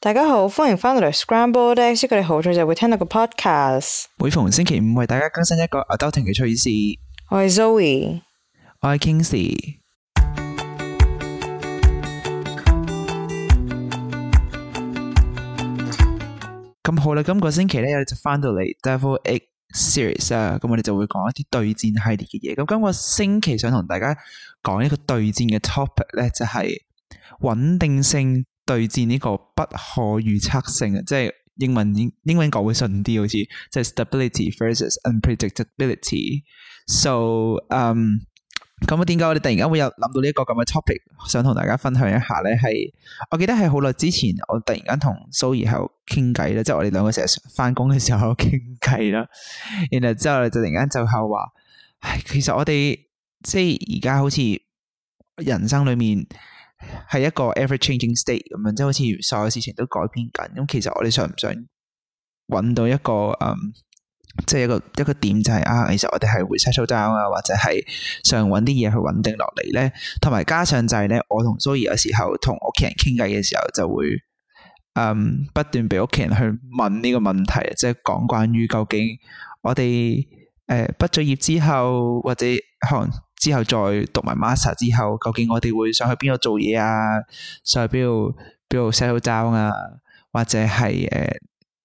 大家好，歡迎翻到嚟 Scrambled Eggs，唔知佢哋好在就會聽到個 podcast。每逢星期五為大家更新一個 adulting 嘅趣事。我係 Zoe，我係 Kingsley。咁好啦，今個星期咧我哋就翻到嚟 Deviled Egg Series 啊，咁我哋就會講一啲對戰系列嘅嘢。咁今個星期想同大家講一個對戰嘅 topic 咧，就係穩定性。對戰呢個不可預測性啊，即係英文英英文講會順啲，好似即係 stability versus unpredictability。So，嗯，咁啊，點解我哋突然間會有諗到呢一個咁嘅 topic，想同大家分享一下咧？係我記得係好耐之前，我突然間同 Zoe 喺度傾偈啦，即係我哋兩個成日返工嘅時候傾偈啦。然後之後就突然間就係話，唉，其實我哋即係而家好似人生裏面。係一個 ever changing state 咁樣，即係好似所有事情都改變緊。咁其實我哋想唔想揾到一個誒、嗯，即係一個一個點、就是，就係啊，其實我哋係會 settle down 啊，或者係想揾啲嘢去穩定落嚟咧。同埋加上就係咧，我同 Zoe 有時候同屋企人傾偈嘅時候，就會誒、嗯、不斷俾屋企人去問呢個問題，即係講關於究竟我哋誒畢咗業之後或者可能……之後再讀埋 master 之後，究竟我哋會想去邊度做嘢啊？想去邊度邊度 settle down 啊？或者係誒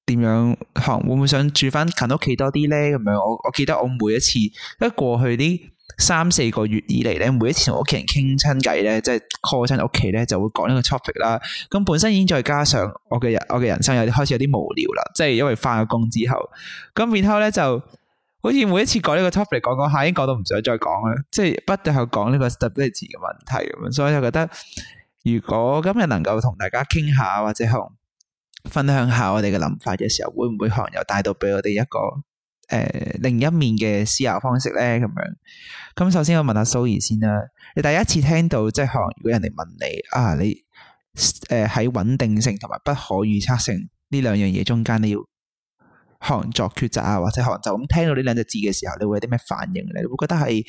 點樣？可能會唔會想住翻近屋企多啲咧？咁樣我我記得我每一次，因為過去啲三四個月以嚟咧，每一次同屋企人傾親偈咧，即係 call 親屋企咧，就會講呢個 topic 啦。咁本身已經再加上我嘅日，我嘅人生有啲開始有啲無聊啦。即係因為翻咗工之後，咁然後咧就。好似每一次講呢個 topic 嚟講講下，已經講到唔想再講啦，即係不斷去講呢個 stability 嘅問題咁樣。所以我就覺得，如果今日能夠同大家傾下或者可能分享下我哋嘅諗法嘅時候，會唔會可能又帶到俾我哋一個誒、呃、另一面嘅思考方式咧？咁樣。咁首先我問下 Zoe 先啦，你第一次聽到即係、就是、可能如果人哋問你啊，你誒喺穩定性同埋不可預測性呢兩樣嘢中間你要？合作決策啊，或者合就咁聽到呢兩隻字嘅時候，你會有啲咩反應呢？你會覺得係誒、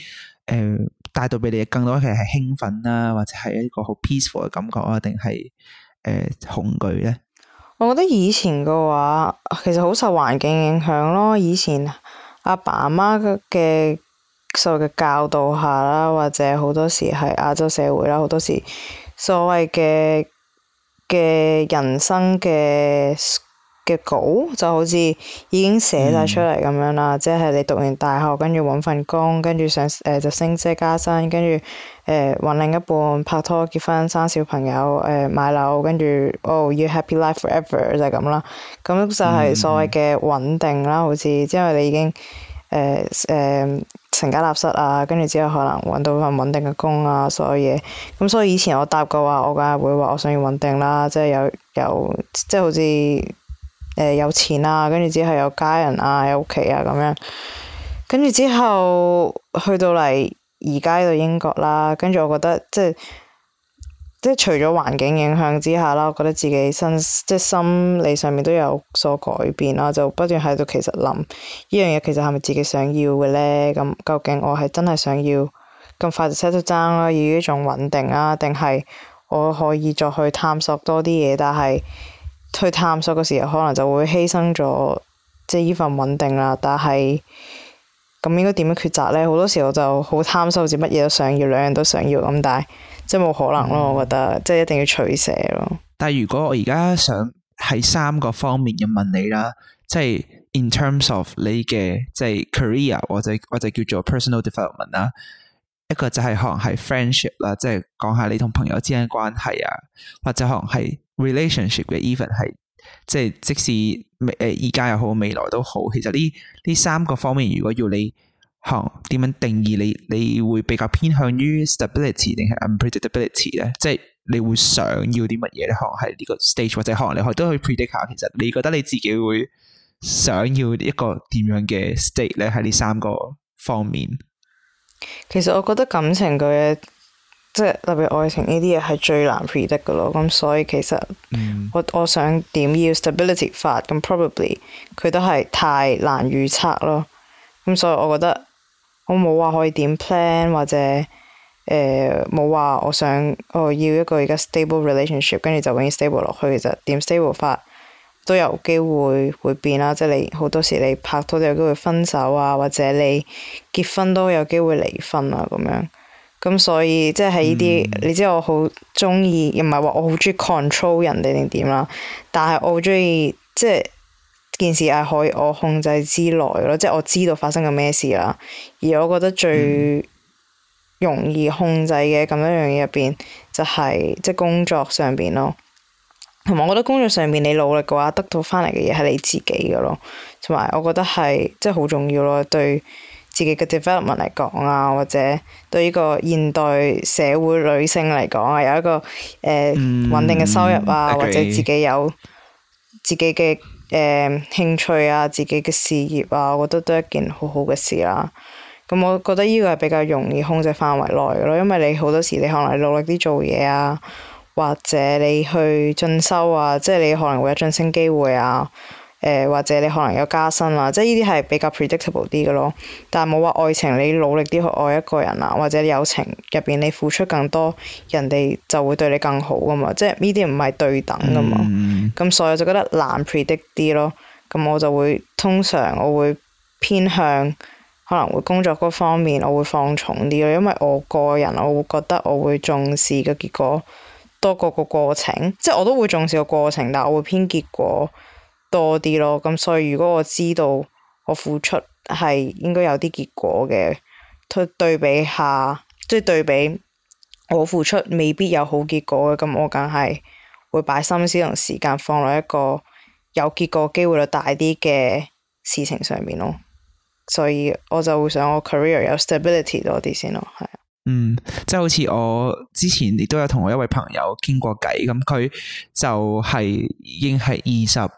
呃、帶到俾你更多嘅係興奮啦，或者係一個好 peaceful 嘅感覺啊，定係誒恐懼呢？我覺得以前嘅話，其實好受環境影響咯。以前阿爸阿媽嘅所謂嘅教導下啦，或者好多時係亞洲社會啦，好多時所謂嘅嘅人生嘅嘅稿就好似已經寫晒出嚟咁樣啦，嗯、即係你讀完大學，跟住揾份工，跟住想誒、呃、就升職加薪，跟住誒揾另一半拍拖結婚生小朋友誒、呃、買樓，跟住哦 you happy life forever 就係咁啦。咁就係所謂嘅穩定啦，嗯、好似即係你已經誒誒、呃呃、成家立室啊，跟住之後可能揾到份穩定嘅工啊，所有嘢。咁所以以前我答過話，我梗係會話我想要穩定啦，即係有有,有,有,有,有,有,有即係好似。誒、呃、有錢啊，跟住之後有家人啊，有屋企啊咁樣，跟住之後去到嚟而家到英國啦，跟住我覺得即係，即係除咗環境影響之下啦，我覺得自己身即係心理上面都有所改變啦，就不斷喺度其實諗呢樣嘢其實係咪自己想要嘅呢？咁究竟我係真係想要咁快就 settle down 啦，要呢種穩定啊，定係我可以再去探索多啲嘢，但係。去探索嘅時候，可能就會犧牲咗即係呢份穩定啦。但係咁應該點樣抉擇咧？好多時候就好貪心，好似乜嘢都想要，兩樣都想要咁，但係即係冇可能咯。嗯、我覺得即係一定要取捨咯。但係如果我而家想喺三個方面嘅問你啦，即係 in terms of 你嘅即係 career 或者或者叫做 personal development 啦，一個就係可能係 friendship 啦，即係講下你同朋友之間嘅關係啊，或者可能係。relationship 嘅 even 係即係即使誒，依家又好未來都好，其實呢呢三個方面如果要你看點樣定義，你你會比較偏向於 stability 定係 unpredictability 咧？即係你會想要啲乜嘢咧？可能係呢個 stage 或者可能你可都可以 predict 下。其實你覺得你自己會想要一個點樣嘅 state 咧？喺呢三個方面，其實我覺得感情嘅即係特別愛情呢啲嘢係最難 predict 嘅咯，咁所以其實我、mm. 我，我想點要 stability 法咁 probably 佢都係太難預測咯。咁所以我覺得我冇話可以點 plan 或者誒冇話我想我要一個而家 stable relationship，跟住就永遠 stable 落去，其實點 stable 法都有機會會變啦，即係你好多時你拍拖都有機會分手啊，或者你結婚都有機會離婚啊咁樣。咁所以即係呢啲，嗯、你知我好中意，又唔係話我好中意 control 人哋定點啦，但係我好中意即係件事係可以我控制之內咯，即係我知道發生緊咩事啦。而我覺得最容易控制嘅咁一樣嘢入邊，就係即係工作上邊咯。同埋我覺得工作上邊你努力嘅話，得到翻嚟嘅嘢係你自己嘅咯。同埋我覺得係即係好重要咯，對。自己嘅 development 嚟講啊，或者對呢個現代社會女性嚟講啊，有一個誒穩、呃、定嘅收入啊，mm, I agree. 或者自己有自己嘅誒、呃、興趣啊，自己嘅事業啊，我覺得都係一件好好嘅事啦。咁、嗯、我覺得呢個係比較容易控制範圍內嘅咯，因為你好多時你可能係努力啲做嘢啊，或者你去進修啊，即係你可能會有晉升機會啊。誒，或者你可能有加薪啦、啊，即係呢啲係比較 predictable 啲嘅咯。但係冇話愛情，你努力啲去愛一個人啊，或者友情入邊你付出更多，人哋就會對你更好㗎嘛。即係呢啲唔係對等噶嘛。咁、嗯、所以我就覺得難 predict 啲咯。咁我就會通常我會偏向可能會工作嗰方面，我會放重啲咯，因為我個人我會覺得我會重視嘅結果多過個過程。即係我都會重視個過程，但係我會偏結果。多啲咯，咁所以如果我知道我付出係應該有啲結果嘅，對對比下，即係對比我付出未必有好結果嘅，咁我梗係會擺心思同時間放落一個有結果機會率大啲嘅事情上面咯。所以我就會想我 career 有 stability 多啲先咯，係啊。嗯，即係好似我之前亦都有同我一位朋友傾過偈，咁佢就係已經係二十。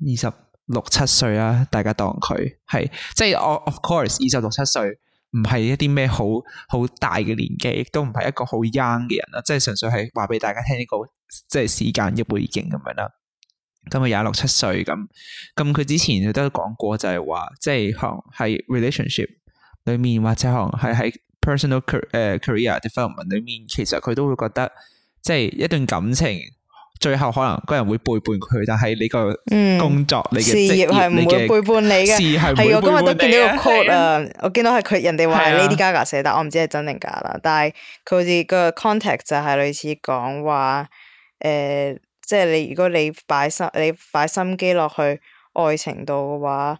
二十六七歲啦，大家當佢係，即係我 of course 二十六七歲唔係一啲咩好好大嘅年紀，亦都唔係一個好 young 嘅人啦、啊，即係純粹係話俾大家聽呢、這個即係時間嘅背景咁樣啦。今日廿六七歲咁，咁佢之前都講過就係話，即係可能係 relationship 裏面或者可能係喺 personal c career,、uh, career development 裏面，其實佢都會覺得即係一段感情。最後可能嗰人會背叛佢，但係你個工作，嗯、你嘅事業係唔會背叛你嘅。事係，我今日都見到個 quote 啊，我見到係佢人哋話係 Lady Gaga 寫，但我唔知係真定假啦。是啊、但係佢好似個 contact 就係類似講話，誒，呃，即係你如果你擺心你擺心機落去愛情度嘅話。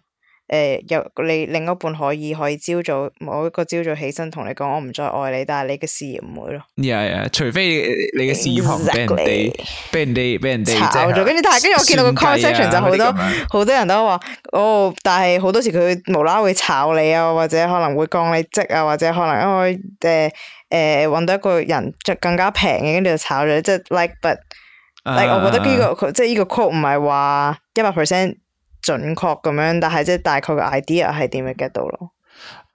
誒，有、呃、你另一半可以可以朝早，早某一個朝早起身同你講，我唔再愛你，但係你嘅事業唔會咯。呀呀，除非你嘅事業俾人哋，俾人哋，炒咗。啊。跟住但係跟住我見到個 conception、啊、就好多好多人都話哦，但係好多時佢無啦會炒你啊，或者可能會降你職啊，或者可能因為誒誒搵到一個人就更加平嘅，跟住就炒咗。即、就、係、是、like but，但係我覺得呢個即係呢個 quote 唔係話一百 percent。準確咁樣，但係即係大概嘅 idea 係點樣 get 到咯？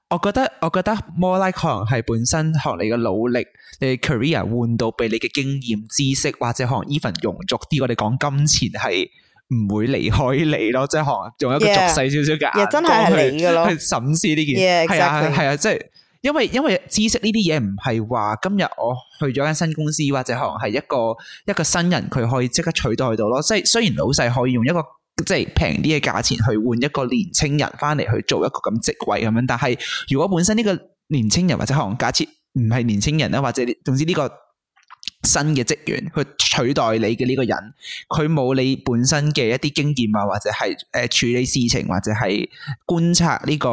我覺得，我覺得 more like 可能係本身學你嘅努力，你 career 換到俾你嘅經驗、知識，或者可能 even 庸俗啲。我哋講金錢係唔會離開你咯，即係可能仲有一個俗細少少嘅眼光去 yeah, 真係是咯去審視呢件嘢係啊係啊，即係、啊就是、因為因為知識呢啲嘢唔係話今日我去咗間新公司，或者可能係一個一個新人佢可以即刻取代到咯。即係雖然老細可以用一個。即係平啲嘅價錢去換一個年青人翻嚟，去做一個咁職位咁樣，但係如果本身呢個年青人或者可能假設唔係年青人咧，或者總之呢個新嘅職員去取代你嘅呢個人，佢冇你本身嘅一啲經驗啊，或者係誒、呃、處理事情或者係觀察呢、這個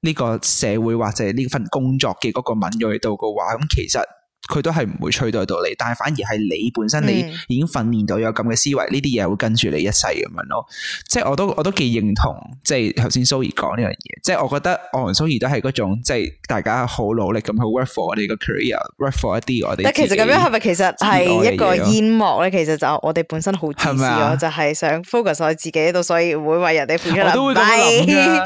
呢、這個社會或者呢份工作嘅嗰個敏銳度嘅話，咁其實。佢都係唔會取代到你，但係反而係你本身你已經訓練到有咁嘅思維，呢啲嘢會跟住你一世咁樣咯。即係我都我都幾認同，即係頭先 Zoe 講呢樣嘢。即係我覺得我同 Zoe 都係嗰種，即係大家好努力咁去 work for 我哋個 career，work for 一啲我哋。但其實咁樣係咪其實係一個煙幕咧？其實,其實就我哋本身好自私？咯吧，就係想 focus 喺自己度，所以會為人哋付出。我都會咁諗嘅、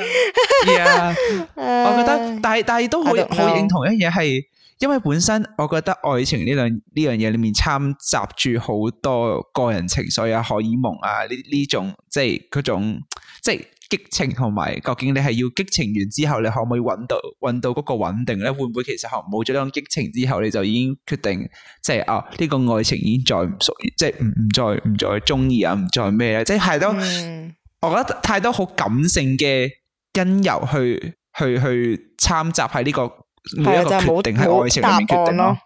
yeah. 我覺得，但係但係都好好認同一樣嘢係。因為本身我覺得愛情呢兩呢樣嘢裏面參雜住好多個人情緒啊荷爾蒙啊呢呢種，即係嗰種即係激情，同埋究竟你係要激情完之後你可唔可以搵到，搵到嗰個穩定咧？會唔會其實冇咗呢種激情之後你就已經決定，即係啊呢個愛情已經再唔屬於，即係唔唔再唔再中意啊唔再咩咧，即係太多、嗯、我覺得太多好感性嘅因由去去去，去，去參雜喺呢個。每一個決定喺愛情裏面決定咯，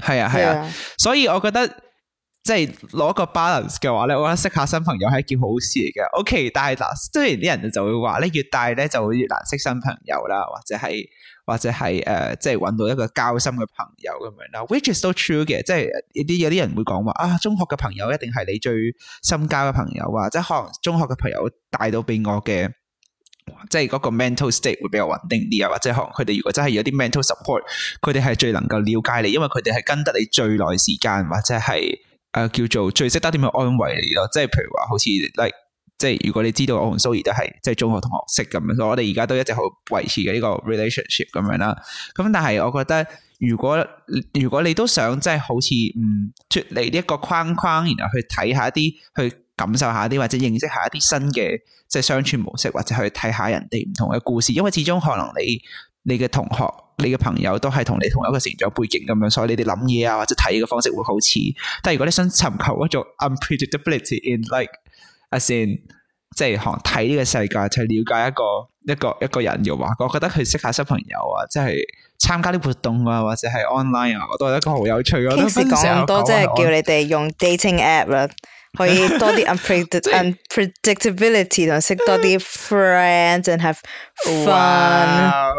係啊係啊，啊啊所以我覺得即係攞個 balance 嘅話咧，我覺得識下新朋友係一件好事嚟嘅。OK，但係嗱，雖然啲人就就會話咧，越大咧就會越難識新朋友啦，或者係或者係誒，即係搵到一個交心嘅朋友咁樣啦。Which is so true 嘅，即係有啲有啲人會講話啊，中學嘅朋友一定係你最深交嘅朋友啊，即係可能中學嘅朋友帶到俾我嘅。即係嗰個 mental state 會比較穩定啲啊，或者可能佢哋如果真係有啲 mental support，佢哋係最能夠了解你，因為佢哋係跟得你最耐時間，或者係誒、呃、叫做最識得點樣安慰你咯。即係譬如話好似，like，即係如果你知道我同蘇怡都係即係中學同學識咁樣，所以我哋而家都一直好維持嘅呢個 relationship 咁樣啦。咁但係我覺得，如果如果你都想即係好似嗯脫離呢一個框框，然後去睇下一啲去。感受下啲或者認識下一啲新嘅，即係相處模式，或者去睇下人哋唔同嘅故事。因為始終可能你你嘅同學、你嘅朋友都係同你同一個成長背景咁樣，所以你哋諗嘢啊或者睇嘅方式會好似。但係如果你想尋求一種 unpredictability，in like，啊先，即係行睇呢個世界，就係了解一個一個一個人嘅話，我覺得去識下新朋友啊，即係參加啲活動啊，或者係 online 啊，都係一個好有趣。嘅時講咁多，即係叫你哋用 dating app 啦。可以多啲 unpredictability 咯，識多啲 friends，and have fun。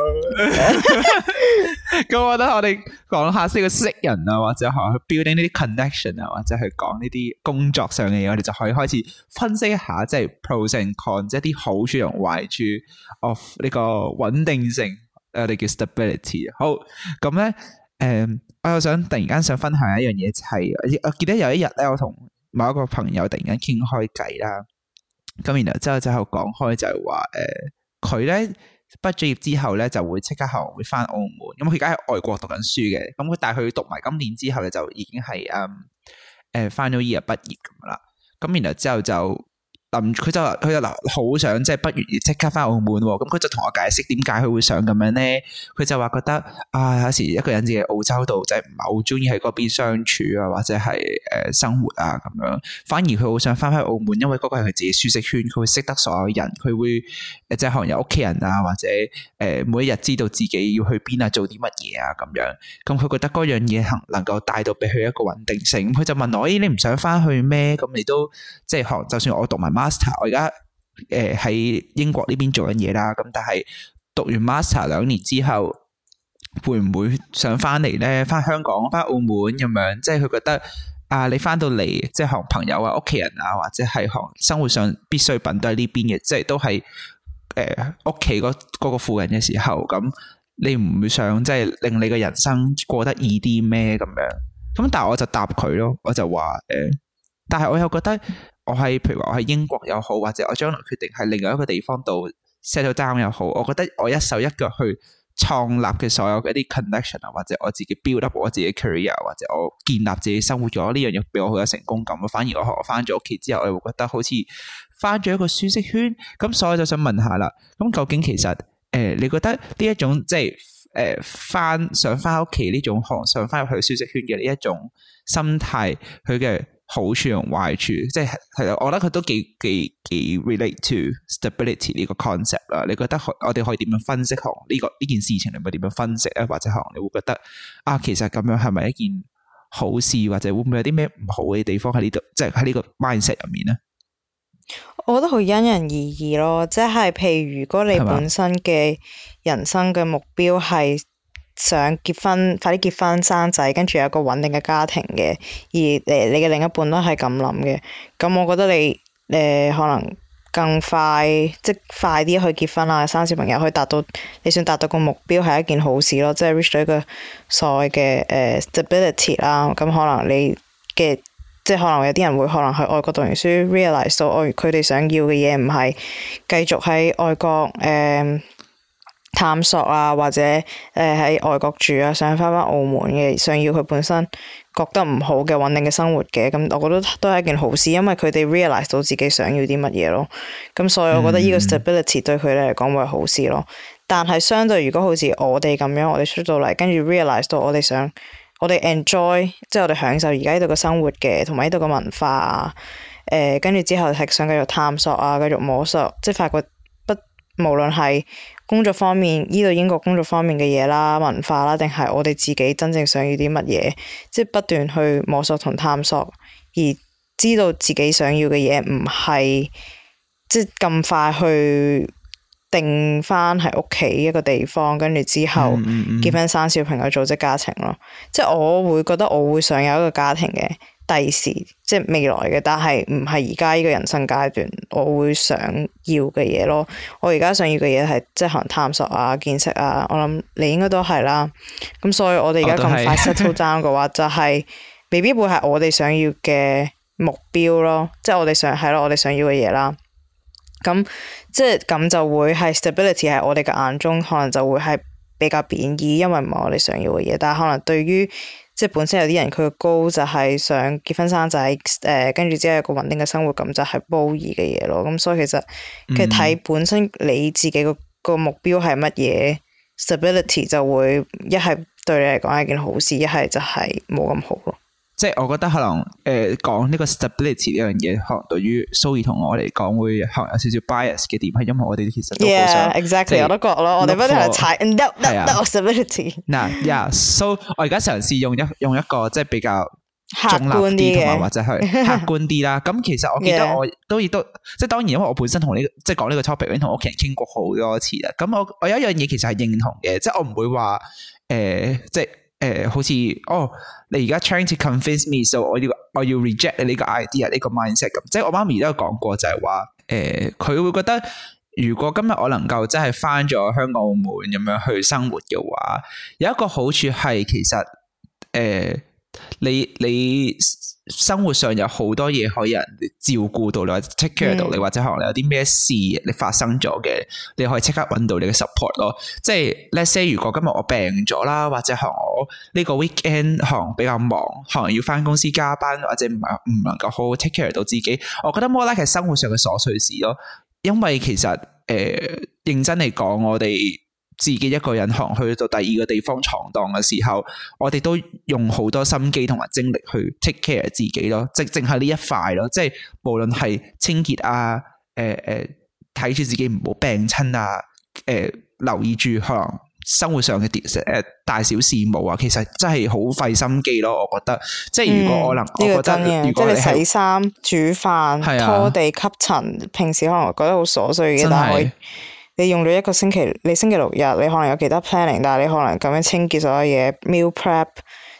咁我覺得我哋講下先個識人啊，或者去 building 呢啲 connection 啊，或者去講呢啲工作上嘅嘢，我哋就可以開始分析一下即係 pros and cons，即係啲好處同壞處 of 呢個穩定性，我哋叫 stability。好，咁咧，誒，我又想突然間想分享一樣嘢，就係我記得有一日咧，我同某一個朋友突然間傾開偈啦，咁然後之後之後講開就係話，誒佢咧畢咗業，業之後咧就會即刻行會返澳門，咁佢而家喺外國讀緊書嘅，咁佢但係佢讀埋今年之後咧就已經係嗯誒 final year 畢業咁啦，咁然後之後就。諗，佢就話佢就嗱，好想即係不如即刻翻澳門咁，佢就同我解釋點解佢會想咁樣咧？佢就話覺得啊，有時一個人自己喺澳洲度就係唔係好中意喺嗰邊相處啊，或者係誒、呃、生活啊咁樣，反而佢好想翻返澳門，因為嗰個係佢自己舒適圈，佢會識得所有人，佢會誒即係可能有屋企人啊，或者誒、呃、每一日知道自己要去邊啊，做啲乜嘢啊咁樣，咁佢覺得嗰樣嘢能能夠帶到俾佢一個穩定性，佢就問我，咦、欸、你唔想翻去咩？咁你都即係可能就算我讀埋媽。Master，我而家誒喺英國呢邊做緊嘢啦，咁但係讀完 Master 兩年之後，會唔會想翻嚟咧？翻香港，翻澳門咁樣，即係佢覺得啊，你翻到嚟即係同朋友啊、屋企人啊，或者係同生活上必需品都喺呢邊嘅，即係都係誒屋企嗰嗰個附近嘅時候，咁你唔會想即係令你嘅人生過得易啲咩咁樣？咁但係我就答佢咯，我就話誒、呃，但係我又覺得。我係譬如話我喺英國又好，或者我將來決定喺另外一個地方度 settle down 又好，我覺得我一手一腳去創立嘅所有嘅一啲 connection 啊，或者我自己 build up 我自己 career，或者我建立自己生活咗呢樣嘢，俾我好有成功感。反而我返翻咗屋企之後，我會覺得好似翻咗一個舒適圈。咁所以我就想問下啦，咁究竟其實誒、呃，你覺得呢一種即係誒翻想翻屋企呢種行，想翻入去舒適圈嘅呢一種心態，佢嘅好處同壞處，即係係啦，我覺得佢都幾幾幾 relate to stability 呢個 concept 啦。你覺得我哋可以點樣分析行呢個呢件事情？你咪點樣分析啊？或者可能你會覺得啊，其實咁樣係咪一件好事，或者會唔會有啲咩唔好嘅地方喺呢度？即係喺呢個 mindset 入面咧？我覺得好因人而異咯，即係譬如如果你本身嘅人生嘅目標係。想結婚，快啲結婚生仔，跟住有個穩定嘅家庭嘅。而誒你嘅另一半都係咁諗嘅，咁我覺得你誒可能更快，即快啲去結婚啊，生小朋友可以達到你想達到個目標係一件好事咯，即係 reach 到一個所謂嘅誒、uh, stability 啦。咁可能你嘅即係可能有啲人會可能去外國讀完書 realize 到哎佢哋想要嘅嘢唔係繼續喺外國誒。Uh, 探索啊，或者誒喺、呃、外國住啊，想翻翻澳門嘅，想要佢本身覺得唔好嘅穩定嘅生活嘅，咁我覺得都係一件好事，因為佢哋 realize 到自己想要啲乜嘢咯。咁所以我覺得呢個 stability 對佢哋嚟講會係好事咯。嗯、但係相對如果好似我哋咁樣，我哋出到嚟跟住 realize 到我哋想我哋 enjoy，即係我哋享受而家呢度嘅生活嘅，同埋呢度嘅文化啊。呃、跟住之後係想繼續探索啊，繼續摸索，即係發覺不無論係。工作方面，呢度英國工作方面嘅嘢啦，文化啦，定係我哋自己真正想要啲乜嘢，即係不斷去摸索同探索，而知道自己想要嘅嘢唔係即係咁快去定返喺屋企一個地方，跟住之後結婚生小朋友組織家庭咯。嗯嗯、即係我會覺得我會想有一個家庭嘅。第時即係未來嘅，但係唔係而家呢個人生階段我會想要嘅嘢咯。我而家想要嘅嘢係即係可能探索啊、見識啊。我諗你應該都係啦。咁所以我哋而家咁快 settle down 嘅話，就係、是、未必會係我哋想要嘅目標咯。即係我哋想係咯，我哋想要嘅嘢啦。咁即係咁就會係 stability 係我哋嘅眼中，可能就會係比較貶義，因為唔係我哋想要嘅嘢。但係可能對於即係本身有啲人佢高就係想結婚生仔，誒、呃，跟住之後一個穩定嘅生活咁就係褒義嘅嘢咯。咁所以其實嘅睇本身你自己個個目標係乜嘢、嗯、stability 就會一係對你嚟講係一件好事，一係就係冇咁好咯。即係我覺得可能誒講呢個 stability 呢樣嘢，可能對於 r 兒同我嚟講，會可能有少少 bias 嘅點，係因為我哋其實都好想 e x a c t l y 我都覺得咯，去我哋不斷去踩。嗱，Yeah，so 我而家嘗試用一用一個即係比較中立啲，同埋或者係客觀啲啦。咁 其實我見得我都亦都即係當然，因為我本身同呢即係講呢個 topic 已經同屋企人傾過好多次啦。咁我我有一樣嘢其實係認同嘅，即係我唔會話誒、呃、即係。即誒、呃，好似哦，你而家 trying to convince me，so 我要我要 reject 你呢個 idea、呢個 mindset 咁。即係我媽咪都有講過就，就係話，誒，佢會覺得如果今日我能夠真係返咗香港澳門咁樣去生活嘅話，有一個好處係其實誒。呃你你生活上有好多嘢，可以有人照顧到你，或者 take care 到你，或者可能有啲咩事你發生咗嘅，你可以即刻揾到你嘅 support 咯。即係，let's say 如果今日我病咗啦，或者可能我呢個 weekend 可能比較忙，可能要翻公司加班，或者唔唔能夠好好 take care 到自己。我覺得 more like 係生活上嘅瑣碎事咯。因為其實誒、呃、認真嚟講，我哋。自己一個人可能去到第二個地方闖蕩嘅時候，我哋都用好多心機同埋精力去 take care 自己咯，即係淨係呢一塊咯，即係無論係清潔啊，誒、呃、誒，睇住自己唔好病親啊，誒、呃，留意住可能生活上嘅誒大小事務啊，其實真係好費心機咯，我覺得。即係如果可能，我覺得，嗯、如果你，你洗衫、煮飯、拖地吸塵、吸塵、啊，平時可能覺得好瑣碎嘅，的但係。你用咗一個星期，你星期六日你可能有其他 planning，但係你可能咁樣清潔所有嘢，meal prep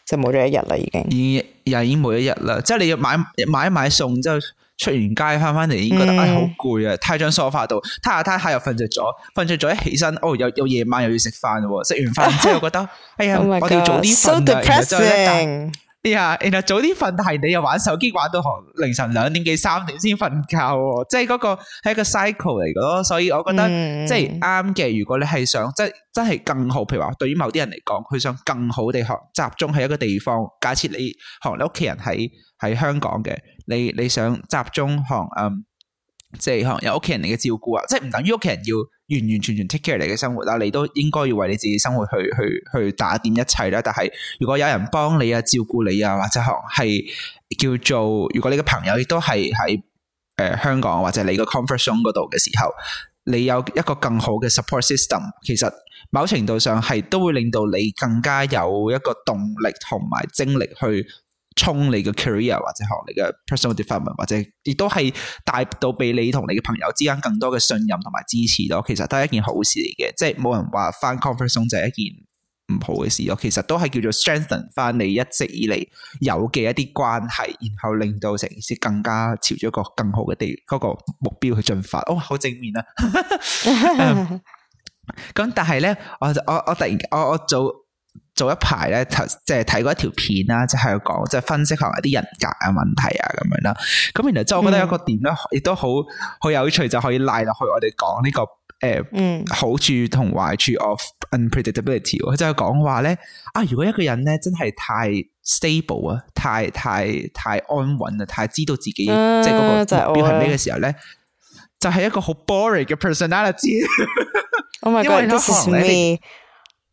就冇咗一日啦已經。已已經冇一日啦，即係你要買買一買餸，之後出完街翻返嚟已經覺得唉好攰啊，攤喺張梳化度，攤下攤下又瞓着咗，瞓着咗一起身，哦又又夜晚又要食飯喎，食完飯之後覺得 哎呀，oh、my God，我哋要早啲瞓 So depressing. 呀，然後、yeah, 早啲瞓，但係你又玩手機玩到凌晨兩點幾三點先瞓覺、哦，即係嗰個係一個 cycle 嚟嘅咯。所以我覺得、mm. 即係啱嘅。如果你係想即係真係更好，譬如話對於某啲人嚟講，佢想更好地學集中喺一個地方。假設你學你屋企人喺喺香港嘅，你你想集中學、嗯，即係學有屋企人嚟嘅照顧啊，即係唔等於屋企人要。完完全全 take care 你嘅生活啦，你都應該要為你自己生活去去去打點一切啦。但係如果有人幫你啊、照顧你啊，或者係叫做如果你嘅朋友亦都係喺誒香港或者你個 comfort zone 度嘅時候，你有一個更好嘅 support system，其實某程度上係都會令到你更加有一個動力同埋精力去。衝你嘅 career 或者學你嘅 personal development，或者亦都係帶到俾你同你嘅朋友之間更多嘅信任同埋支持咯。其實都係一件好事嚟嘅，即係冇人話翻 comparison 就係一件唔好嘅事咯。其實都係叫做 strengthen 翻你一直以嚟有嘅一啲關係，然後令到成件事更加朝咗一個更好嘅地嗰、嗰個目標去進發。哦，好正面啊！咁、 um, 但係咧，我我我突然我我做。做一排咧，就即係睇過一條片啦，即係講，即係分析一下啲人格啊問題啊咁樣啦。咁原來即係我覺得一個點咧，亦都好好有趣，就可以拉落去我哋講呢個誒，呃、嗯，好處同壞處 of unpredictability。即係講話咧，啊，如果一個人咧真係太 stable 啊，太太太安穩啊，太知道自己、呃、即係嗰個目標係咩嘅時候咧，就係一個好 boring 嘅 personality。 Oh my God, that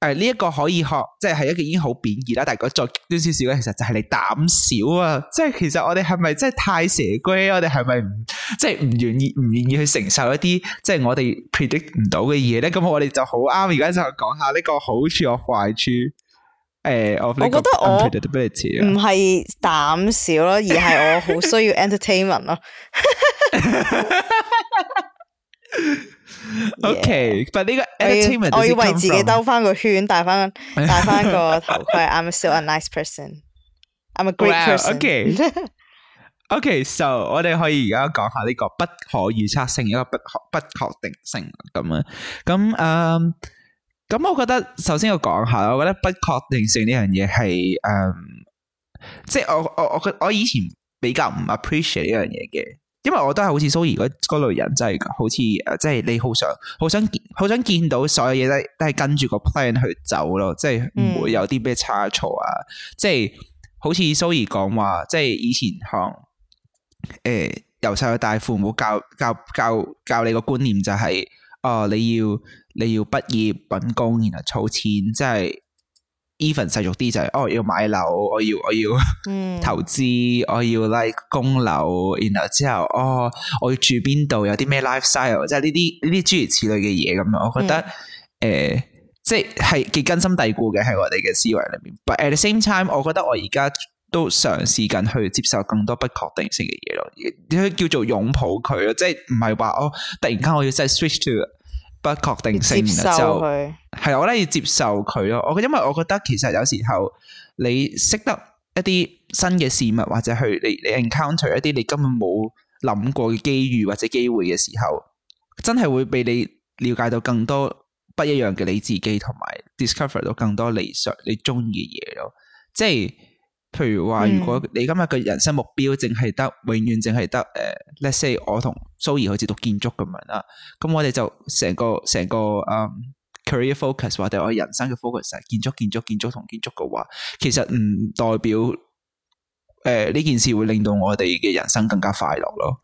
誒，呢一、uh, 個可以學，即係係一個已經好貶義啦。但係佢再極端少少咧，其實就係你膽小啊！即係其實我哋係咪真係太蛇龜？我哋係咪唔即係唔願意唔願意去承受一啲即係我哋 predict 唔到嘅嘢咧？咁我哋就好啱，而家就講下呢個好處或壞處。誒、uh,，我覺得我唔係膽小咯，而係我好需要 entertainment 咯。 Okay，但呢個，我以為自己兜翻個圈，戴翻戴翻個頭盔 ，I'm still a nice person，I'm a great person。Okay，Okay，So 我哋可以而家講下呢個不可預測性一個不不，不確定性咁啊，咁嗯，咁我覺得首先要講下，我覺得不確定性呢樣嘢係嗯，即係我我我我以前比較唔 appreciate 呢樣嘢嘅。因為我都係好似蘇怡嗰嗰類人，真係好似即係你好想好想好想見到所有嘢都都係跟住個 plan 去走咯，即係唔會有啲咩差錯啊！即係、嗯、好似蘇怡講話，即係以前行誒，由、呃、細到大父母教教教教你個觀念就係，哦、呃，你要你要畢業揾工然後儲錢，即係。Even 細俗啲就係、是、哦，我要買樓，我要我要投資，我要 like 供樓，然後之後哦，我要住邊度，有啲咩 lifestyle，即係呢啲呢啲諸如此類嘅嘢咁樣。我覺得誒、嗯呃，即係幾根深蒂固嘅喺我哋嘅思維裏面。But at the same time，我覺得我而家都嘗試緊去接受更多不確定性嘅嘢咯，叫叫做擁抱佢咯，即係唔係話我突然間我要再 switch to。不確定性就係我哋要接受佢咯，我因為我覺得其實有時候你識得一啲新嘅事物，或者去你你 encounter 一啲你根本冇諗過嘅機遇或者機會嘅時候，真係會俾你了解到更多不一樣嘅你自己，同埋 discover 到更多理想你中意嘅嘢咯，即係。譬如話，如果你今日嘅人生目標淨係得，永遠淨係得，誒、呃，let's say 我同 Zoe 好似讀建築咁樣啦，咁我哋就成個成個，嗯、um，career focus 或者我哋人生嘅 focus 係建築、建築、建築同建築嘅話，其實唔代表，誒、呃，呢件事會令到我哋嘅人生更加快樂咯，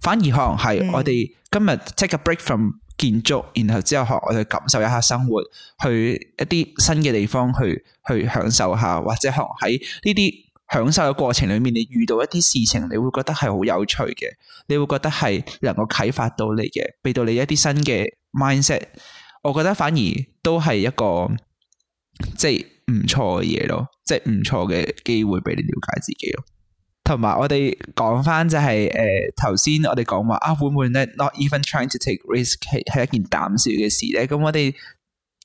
反而可能係我哋今日 take a break from。建築，然後之後學我哋感受一下生活，去一啲新嘅地方去去享受下，或者可能喺呢啲享受嘅過程裏面，你遇到一啲事情，你會覺得係好有趣嘅，你會覺得係能夠啟發到你嘅，俾到你一啲新嘅 mindset，我覺得反而都係一個即係唔錯嘅嘢咯，即係唔錯嘅機會俾你了解自己咯。同埋我哋講翻就係誒，頭先我哋講話啊，會唔會咧 not even trying to take risk 係一件膽小嘅事咧？咁我哋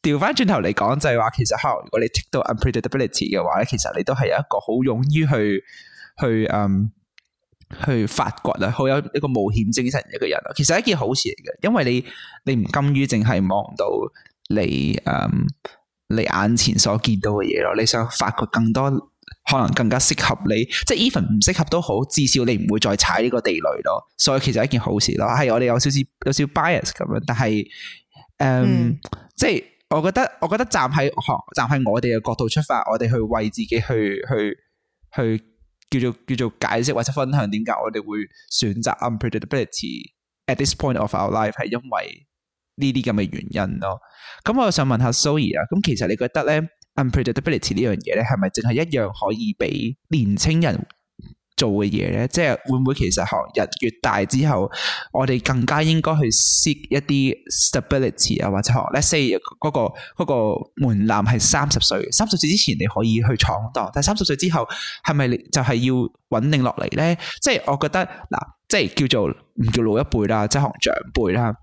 調翻轉頭嚟講就係話，其實可能如果你 take 到 unpredictability 嘅話咧，其實你都係有一個好勇於去去去，嗯、去發掘啊，好有一個冒險精神一個人啊，其實係一件好事嚟嘅，因為你你唔甘於淨係望到你誒，嗯、你眼前所見到嘅嘢咯，你想發掘更多。可能更加適合你，即係 even 唔適合都好，至少你唔會再踩呢個地雷咯，所以其實係一件好事咯。係我哋有少少有少 bias 咁樣，但係誒，嗯、即係我覺得，我覺得站喺站喺我哋嘅角度出發，我哋去為自己去去去，去，去叫做叫做解釋或者分享點解我哋會選擇 unpredictability at this point of our life 係因為呢啲咁嘅原因咯。咁我想問下 Zoe 啊，咁其實你覺得咧？unpredictability 呢樣嘢咧，係咪淨係一樣可以俾年青人做嘅嘢咧？即係會唔會其實行人越大之後，我哋更加應該去 seek 一啲 stability 啊，或者行 let's say 嗰個嗰個門檻係三十歲，三十歲之前你可以去闖蕩，但係三十歲之後係咪就係要穩定落嚟咧？即係我覺得嗱，即係叫做唔叫老一輩啦，即係行長輩啦。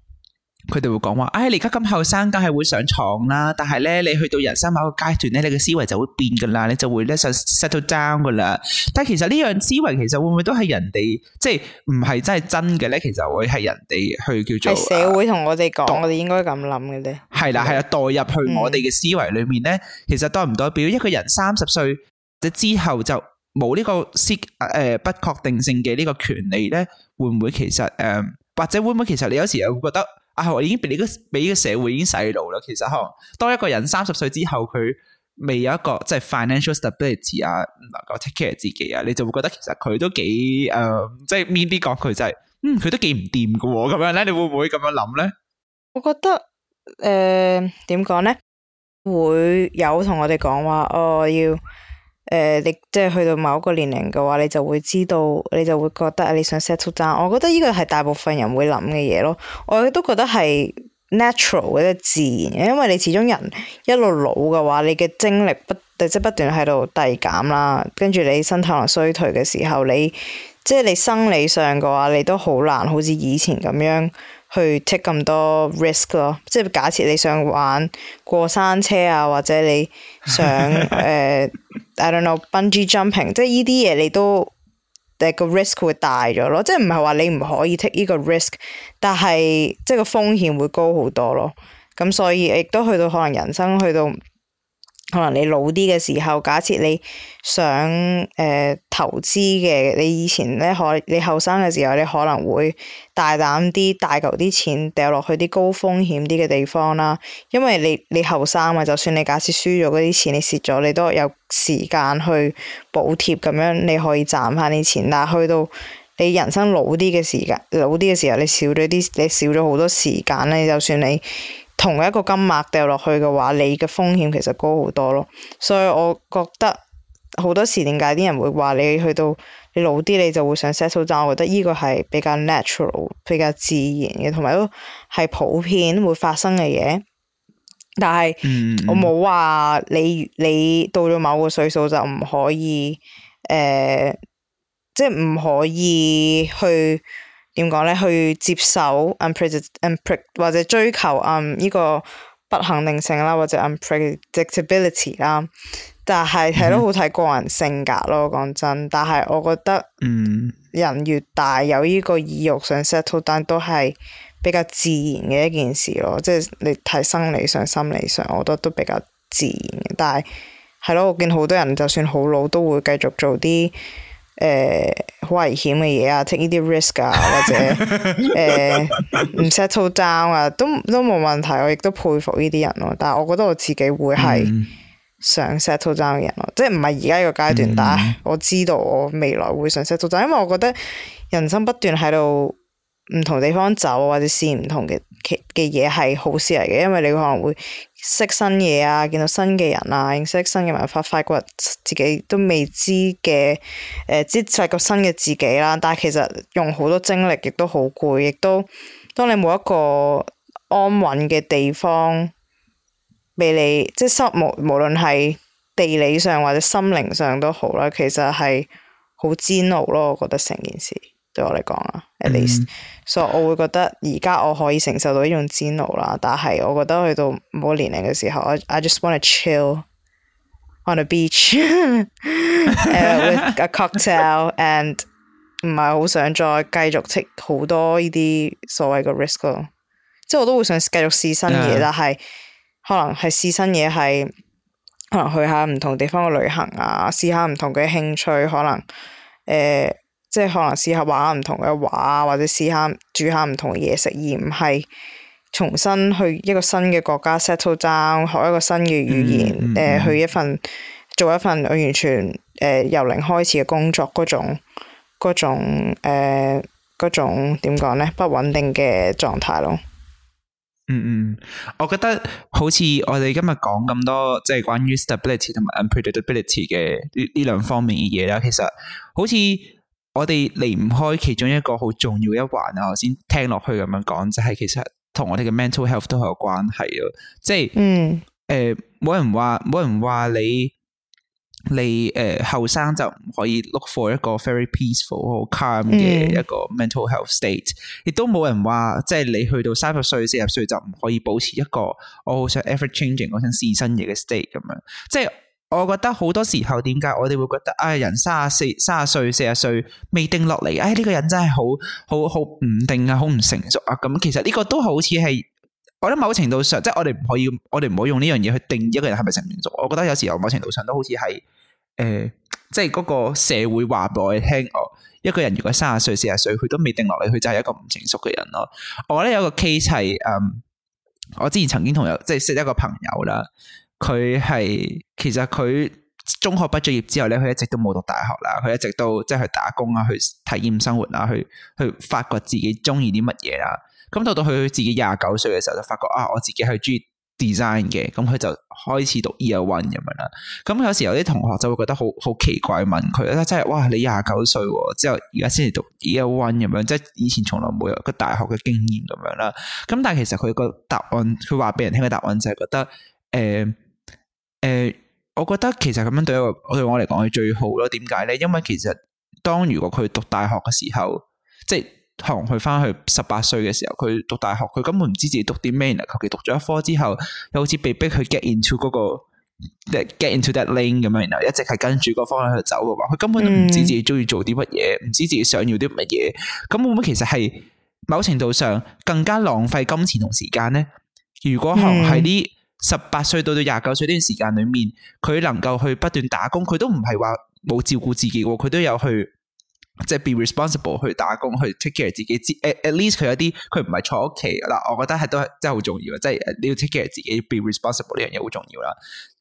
佢哋會講話，唉，你而家咁後生，梗係會上床啦。但係咧，你去到人生某個階段咧，你嘅思維就會變噶啦，你就會咧 settle down 噶啦。但係其實呢樣思維其實會唔會都係人哋，即係唔係真係真嘅咧？其實會係人哋去叫做社會同我哋講，我哋應該咁諗嘅咧？係啦，係啦，代入去我哋嘅思維裏面咧，其實代唔代表一個人三十歲或者之後就冇呢個思，誒不確定性嘅呢個權利咧？會唔會其實誒或者會唔會其實你有時又會覺得？ 啊，我已經俾呢個俾呢個社會已經洗腦啦。其實可能當一個人三十歲之後，佢未有一個即係、就是、financial stability 啊，能夠 take care 自己啊，你就會覺得其實佢都幾誒，uh，即係面啲講佢就係、是、嗯，佢都幾唔掂噶。咁樣咧，你會唔會咁樣諗咧？我覺得誒，點講咧，會有同我哋講話，哦，要。誒，你即係去到某一個年齡嘅話，你就會知道，你就會覺得你想 settle down。我覺得呢個係大部分人會諗嘅嘢咯。我都覺得係 natural 嘅自然，因為你始終人一路老嘅話，你嘅精力不即、即係、不斷喺度遞減啦。跟住你身體可能衰退嘅時候，你即係、即係、你生理上嘅話，你都好難好似以前咁樣。去 take 咁、so、多 risk 咯，即係假設你想玩過山車啊，或者你想誒、 呃、I don't know bungee jumping，即係呢啲嘢你都誒、個 risk 會大咗咯，即係唔係話你唔可以 take 呢個 risk，但係即係個風險會高好多咯，咁所以亦都去到可能人生去到。可能你老啲嘅時候，假設你想誒、呃、投資嘅，你以前咧，可你後生嘅時候，你可能會大膽啲，大嚿啲錢掉落去啲高風險啲嘅地方啦。因為你你後生啊，就算你假設輸咗嗰啲錢，你蝕咗，你都有時間去補貼咁樣，你可以賺翻啲錢。但係去到你人生老啲嘅時間，老啲嘅時候，你少咗啲，你少咗好多時間咧。就算你同一個金額掉落去嘅話，你嘅風險其實高好多咯，所以我覺得好多時點解啲人會話你去到你老啲你就會想 settle down，但我覺得呢個係比較 natural、比較自然嘅，同埋都係普遍會發生嘅嘢。但係我冇話你，你到咗某個歲數就唔可以誒，即係唔可以去。點講咧？去接受或者追求呢個不肯定性啦，或者 unpredictability 啦。Ability，但係係咯，好睇個人性格咯。講真，但係我覺得，嗯，人越大有呢個意欲想 settle down，但都係比較自然嘅一件事咯。即係你睇生理上、心理上，我覺得都比較自然嘅。但係係咯，我見好多人就算好老都會繼續做啲。誒，好、呃、危險嘅嘢啊，take 呢啲 risk 啊，或者誒唔、 呃、settle down 啊，都都冇問題，我亦都佩服呢啲人咯、啊。但係我覺得我自己會係想 settle down 嘅人咯、啊，嗯、即係唔係而家呢個階段，嗯、但係我知道我未來會想 settle down，因為我覺得人生不斷喺度唔同地方走或者試唔同嘅嘅嘢係好事嚟嘅，因為你可能會。識新嘢啊，見到新嘅人啊，認識新嘅文化，發掘自己都未知嘅誒，即係發覺新嘅自己啦。但係其實用好多精力，亦都好攰，亦都當你冇一個安穩嘅地方俾你，即係失，無無論係地理上或者心靈上都好啦。其實係好煎熬咯，我覺得成件事。對我嚟講啊，at least，所以、mm hmm. so, 我會覺得而家我可以承受到呢種煎熬啦。但係我覺得去到某個年齡嘅時候 I, I just want to chill on a beach、 uh, with a cocktail and 唔係好想再繼續 take 好多呢啲所謂嘅 risk 咯。Yeah. 即係我都會想繼續試新嘢，但係可能係試新嘢係可能去下唔同地方嘅旅行啊，試下唔同嘅興趣，可能誒。呃即係可能試下畫唔同嘅畫，或者試下煮下唔同嘅嘢食，而唔係重新去一個新嘅國家 settle down，學一個新嘅語言，誒、嗯嗯呃、去一份做一份我完全誒、呃、由零開始嘅工作嗰種嗰種誒嗰、呃、種點講咧不穩定嘅狀態咯嗯。嗯嗯，我覺得好似我哋今日講咁多，即、就、係、是、關於 stability 同埋 unpredictability 嘅呢呢兩方面嘅嘢啦，嗯、其實好似。我哋離唔開其中一個好重要一環啊，我先聽落去咁樣講，就係、是、其實同我哋嘅 mental health 都係有關係啊。即係，嗯、呃，誒，冇人話冇人話你，你誒後生就唔可以 look for 一個 very peaceful 好 calm 嘅一個 mental health state，亦、嗯、都冇人話，即係你去到三十歲、四十歲就唔可以保持一個、哦、changing，我好想 ever changing 嗰種試新嘢嘅 state 咁樣，即係。我覺得好多時候點解我哋會覺得啊、哎，人三啊四、三啊歲、四啊歲未定落嚟，哎呢、這個人真係好好好唔定啊，好唔成熟啊。咁其實呢個都好似係，我覺得某程度上，即係我哋唔可以，我哋唔好用呢樣嘢去定一個人係咪成熟。我覺得有時候某程度上都好似係誒，即係嗰個社會話俾我哋聽，我一個人如果三啊歲、四啊歲，佢都未定落嚟，佢就係一個唔成熟嘅人咯。我咧有個 case 係，嗯，我之前曾經同有即係識一個朋友啦。佢係其實佢中學畢咗業之後咧，佢一直都冇讀大學啦。佢一直都即係去打工啊，去體驗生活啊，去去發掘自己中意啲乜嘢啦。咁、嗯、到到佢自己廿九歲嘅時候，就發覺啊，我自己係中意 design 嘅。咁、嗯、佢就開始讀 Year One 咁樣啦。咁、嗯嗯、有時候有啲同學就會覺得好好奇怪，問佢咧，即係哇，你廿九歲之、啊、後而家先嚟讀 Year One 咁樣，即係以前從來冇有個大學嘅經驗咁樣啦。咁、嗯嗯、但係其實佢個答案，佢話俾人聽嘅答案就係覺得誒。呃誒、呃，我覺得其實咁樣對我對我嚟講係最好咯。點解咧？因為其實當如果佢讀大學嘅時候，即係行去翻去十八歲嘅時候，佢讀大學，佢根本唔知自己讀啲咩。然後求其讀咗一科之後，又好似被逼去 get into 嗰、那個 that, get into that lane 咁樣，然後一直係跟住個方向去走嘅話，佢根本都唔知自己中意做啲乜嘢，唔、嗯、知自己想要啲乜嘢。咁會唔會其實係某程度上更加浪費金錢同時間咧？如果行喺啲。嗯嗯十八歲到到廿九歲呢段時間裏面，佢能夠去不斷打工，佢都唔係話冇照顧自己喎，佢都有去即係、就是、be responsible 去打工去 take care 自己。at at least 佢有啲佢唔係坐屋企嗱，我覺得係都真係好重要，即、就、係、是、你要 take care 自己 be responsible 呢樣嘢好重要喇。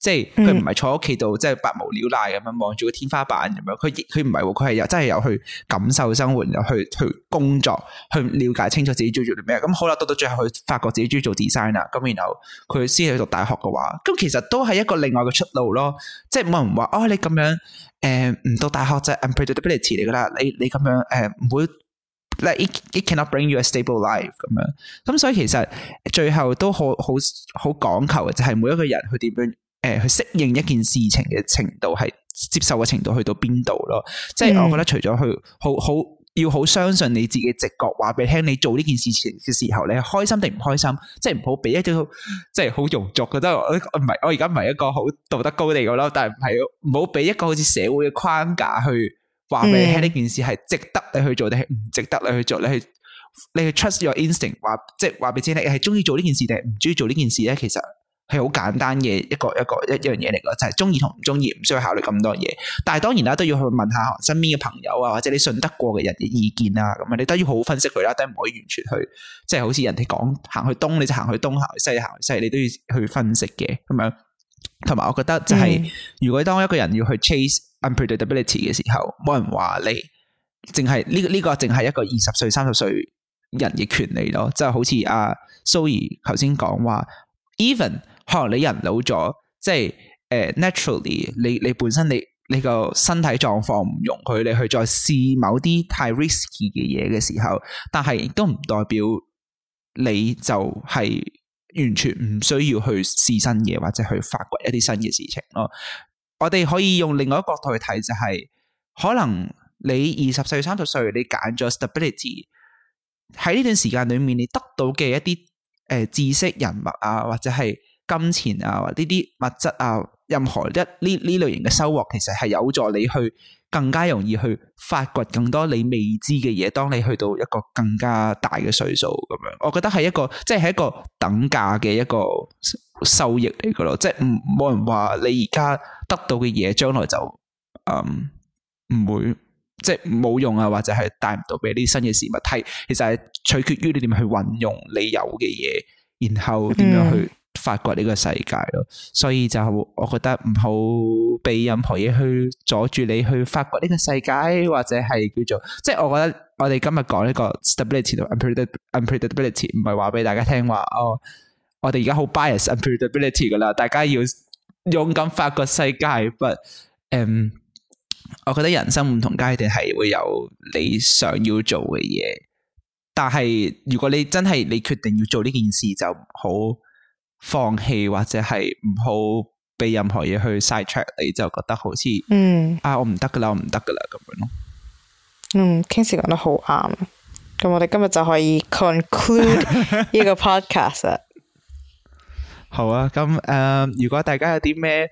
即係佢唔係坐屋企度，即係百無聊賴咁樣望住個天花板咁樣。佢佢唔係，佢係有真係有去感受生活，有去去工作，去了解清楚自己中意做啲咩。咁好啦，到到最後佢發覺自己中意做 design 啊。咁然後佢先去讀大學嘅話，咁其實都係一個另外嘅出路咯。即係冇人話哦，oh, 你咁樣誒唔、uh, 讀大學啫，unpredictability 嚟噶啦。你你咁樣誒唔、uh, 會，like it it cannot bring you a stable life 咁樣。咁所以其實最後都好好好講求嘅，就係每一個人去點樣。誒、呃，去適應一件事情嘅程度，係接受嘅程度去到邊度咯？即係我覺得除咗去好好要好相信你自己直覺，話俾你聽你做呢件事情嘅時候，你係開心定唔開心？即係唔好俾一啲即係好庸俗嘅，即係我唔係我而家唔係一個好道德高地嘅咯。但係唔係唔好俾一個好似社會嘅框架去話俾你聽呢件事係值得你去做定係唔值得你去做？你去你去 trust your instinct，話即係話俾你知，你係中意做呢件事定係唔中意做呢件事咧？其實。係好簡單嘅一個一個一一樣嘢嚟嘅，就係中意同唔中意，唔需要考慮咁多嘢。但係當然啦，都要去問下身邊嘅朋友啊，或者你信得過嘅人嘅意見啊。咁啊，你都要好好分析佢啦，都唔可以完全去，即係好似人哋講行去東你就行去東，行去西行去西，你都要去分析嘅咁樣。同埋我覺得就係，嗯，如果當一個人要去 chase unpredictability 嘅時候，冇人話你淨係呢呢個淨係一個二十歲三十歲人嘅權利咯。即係好似阿 Zoe 頭先講話，even。.可能你人老咗，即係誒、uh, naturally，你你本身你你個身體狀況唔容許你去再試某啲太 risky 嘅嘢嘅時候，但係亦都唔代表你就係完全唔需要去試新嘢或者去發掘一啲新嘅事情咯。我哋可以用另外一個角度去睇，就是，就係可能你二十四歲、三十歲，你揀咗 stability，喺呢段時間裏面你得到嘅一啲誒、呃、知識、人物啊，或者係。金錢啊，或者呢啲物質啊，任何一呢呢類型嘅收穫，其實係有助你去更加容易去發掘更多你未知嘅嘢。當你去到一個更加大嘅歲數咁樣，我覺得係一個即係係一個等價嘅一個收益嚟噶咯。即係唔冇人話你而家得到嘅嘢，將來就嗯唔會即係冇用啊，或者係帶唔到俾你啲新嘅事物。係，其實係取決於你點去運用你有嘅嘢，然後點樣去、嗯。發掘呢個世界咯，所以就我覺得唔好俾任何嘢去阻住你去發掘呢個世界，或者係叫做，即係我覺得我哋今日講呢個 stability 同 unpredictability 唔係話俾大家聽話哦，我哋而家好 bias unpredictability 噶啦，大家要勇敢發掘世界。but，誒，我覺得人生唔同階段係會有你想要做嘅嘢，但係如果你真係你決定要做呢件事就好。放棄或者係唔好俾任何嘢去 side track，你就覺得好似嗯啊我唔、嗯、得噶啦，我唔得噶啦咁樣咯。嗯，King Sir 講得好啱，咁我哋今日就可以 conclude 呢 個 podcast 啦。 好啊，咁誒，uh, 如果大家有啲咩？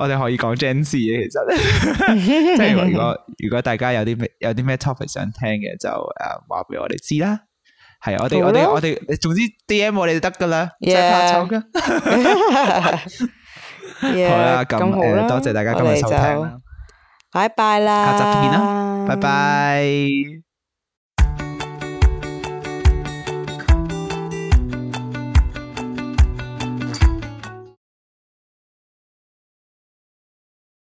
我哋可以講 James 嘅，其實咧，即係如果如果大家有啲咩有啲咩 topic 想聽嘅，就誒話俾我哋知啦。係，我哋我哋我哋，總之 DM 我哋就得噶啦。真係怕醜噶。好啦，咁多謝大家今日收聽啦，拜拜啦，下集見啦，拜拜。